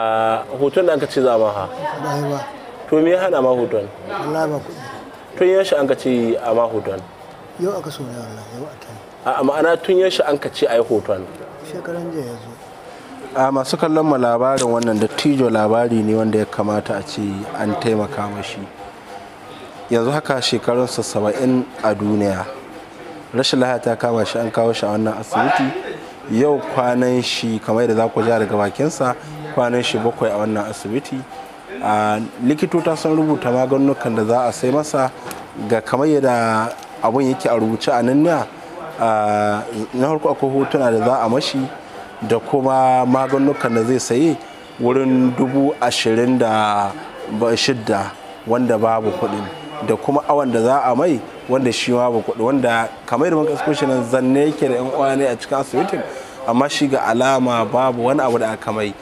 a hoton da aka ce za maha. ba to me ya hana ma hoton Allah ba kuɗi tun shi an ka ce a ma hoton yau aka so ne wallahi yau a kai a ma'ana tun shi an ka ce a yi hoton shekaran jiya ya zo a masu kallon mu labarin wannan dattijo labari ne wanda ya kamata a ce an taimaka mashi yanzu haka shekarunsa saba'in a duniya rashin lahata kama shi an kawo shi a wannan asibiti yau kwanan shi kamar da za ku ja daga bakinsa kwanan shi bakwai a wannan asibiti a likitota sun rubuta maganukan da za a sai masa ga kamar yadda abun yake a rubuce a nan na harko akwai hotuna da za a mashi da kuma maganukan da zai saye wurin dubu ashirin da shidda wanda babu kuɗin da kuma awan da za a mai wanda shi ma ba kuɗi wanda kamar da muka tsoshi nan zanne yake da 'yan uwa ne a cikin asibitin amma shi ga alama babu wani abu da aka mai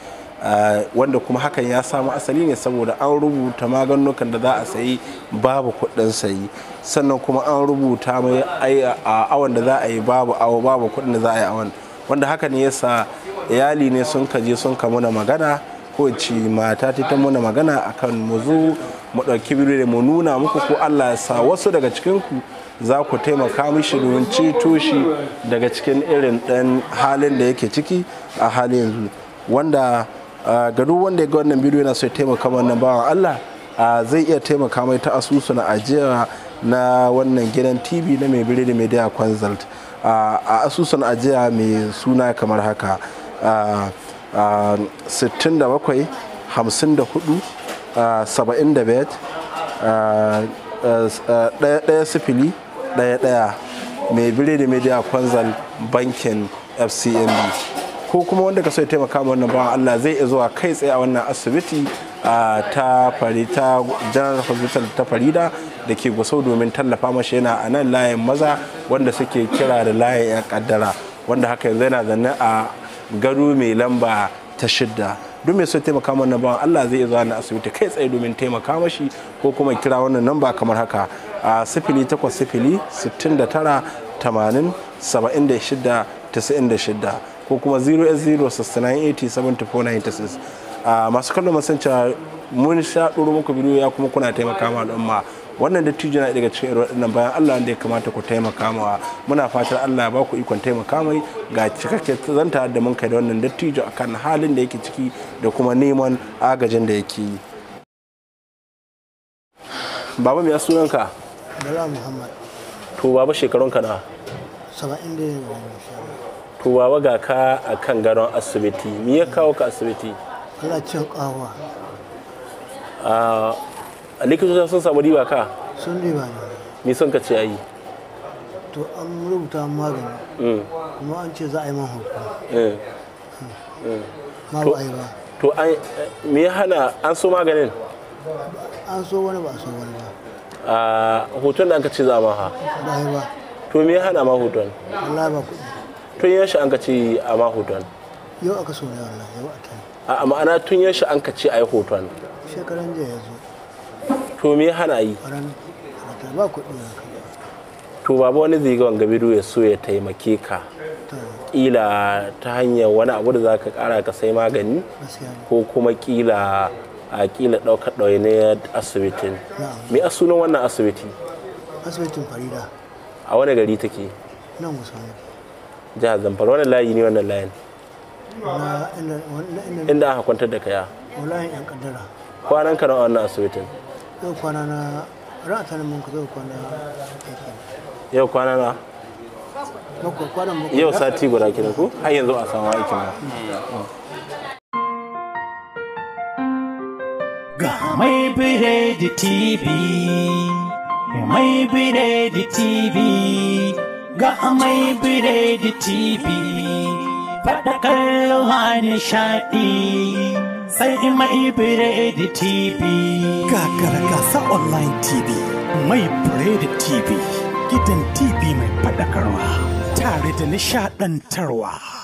eh, wanda kuma hakan ya samu asali ne saboda an rubuta maganukan da za a sayi babu kuɗin sayi sannan kuma an rubuta mai awan da za a yi babu awa babu kuɗin da za a yi awan wanda hakan ne yasa iyali ne sun kaje sun kamuna magana kowace mata ta ta muna magana akan mu zo mu ɗauki da mu nuna muku ko Allah ya sa wasu daga cikinku za ku taimaka mishi domin ceto shi daga cikin irin ɗan halin da yake ciki a halin yanzu wanda ga duk wanda ya ga wannan bidiyo yana so ya taimaka wannan bawan Allah zai iya taimaka mai ta asusu na ajiya na wannan gidan tv na mai birni media consult a asusun ajiya mai suna kamar haka 67 54 75 sifili ɗaya ɗaya mai biredi media kwanzan bankin fcmb ko kuma wanda ka so ya taimaka wannan bawan allah zai iya zuwa kai tsaye a wannan asibiti ta farita general hospital ta farida da ke gusau domin tallafa mashi yana a nan layin maza wanda suke kira da layin 'yan kaddara wanda haka yanzu yana zanne a gado mai lamba ta shidda don mai so taimaka mana ba Allah zai zuwa na asibiti kai tsaye domin taimaka mashi ko kuma kira wannan namba kamar haka a sifili takwas sifili sittin da tara tamanin saba'in da shidda tasa'in da shidda ko kuma 0 74 96 masu kallon masanca mun sha ɗoro muku biyu ya kuma kuna taimaka ma al'umma wannan dattijo na daga cikin irin waɗannan bayan Allah wanda ya kamata ku taimaka mawa muna fatar Allah ya ba ku ikon taimaka mai ga cikakke zanta da mun kai da wannan dattijo akan halin da yake ciki da kuma neman agajin da yake yi baba mai sunanka Bala Muhammad to baba shekarunka na saba'in 70 to baba ga ka kan garon asibiti me ya kawo ka asibiti ina cin kawa ah, likitocin sun samu riba ka sun riba ne me son ka ce ayi to an rubuta magani mm. kuma an ce za a yi man hukuma eh. eh. ma ba a yi ba to me ya hana an so maganin an so wani ba a so wani ba a hoton da an ka ce za ma ha ba yi ba to me ya hana ma hoton Allah ba kuɗi tun shi an ka ce a ma hoton yau aka so ne wallahi yau aka a ma'ana tun shi an ka ce a yi hoton shekaran jiya ya zo to me hana yi to babu wani zigon gabiru ya so ya taimake ka kila ta hanyar wani abu da za ka kara ka sai magani ko kuma kila a kila ɗaukar ɗaune asibitin me a sunan wannan asibiti asibitin farida a wani gari take nan musamman jihar zamfara wani layi ne wannan layin inda aka kwantar da kaya layin yan kaddara kwanan ka na wannan asibitin yau kwana na ran mun ku kwana yau kwana na yau sati guda kenan ko har yanzu a samu aikin ba ga mai biredi tv mai biredi tv ga mai biredi tv faɗakar ruwa shaɗi. sai mai da TV. Kakara gasa online TV, mai biredi TV, gidan TV mai faɗakarwa, tare da nishaɗantarwa.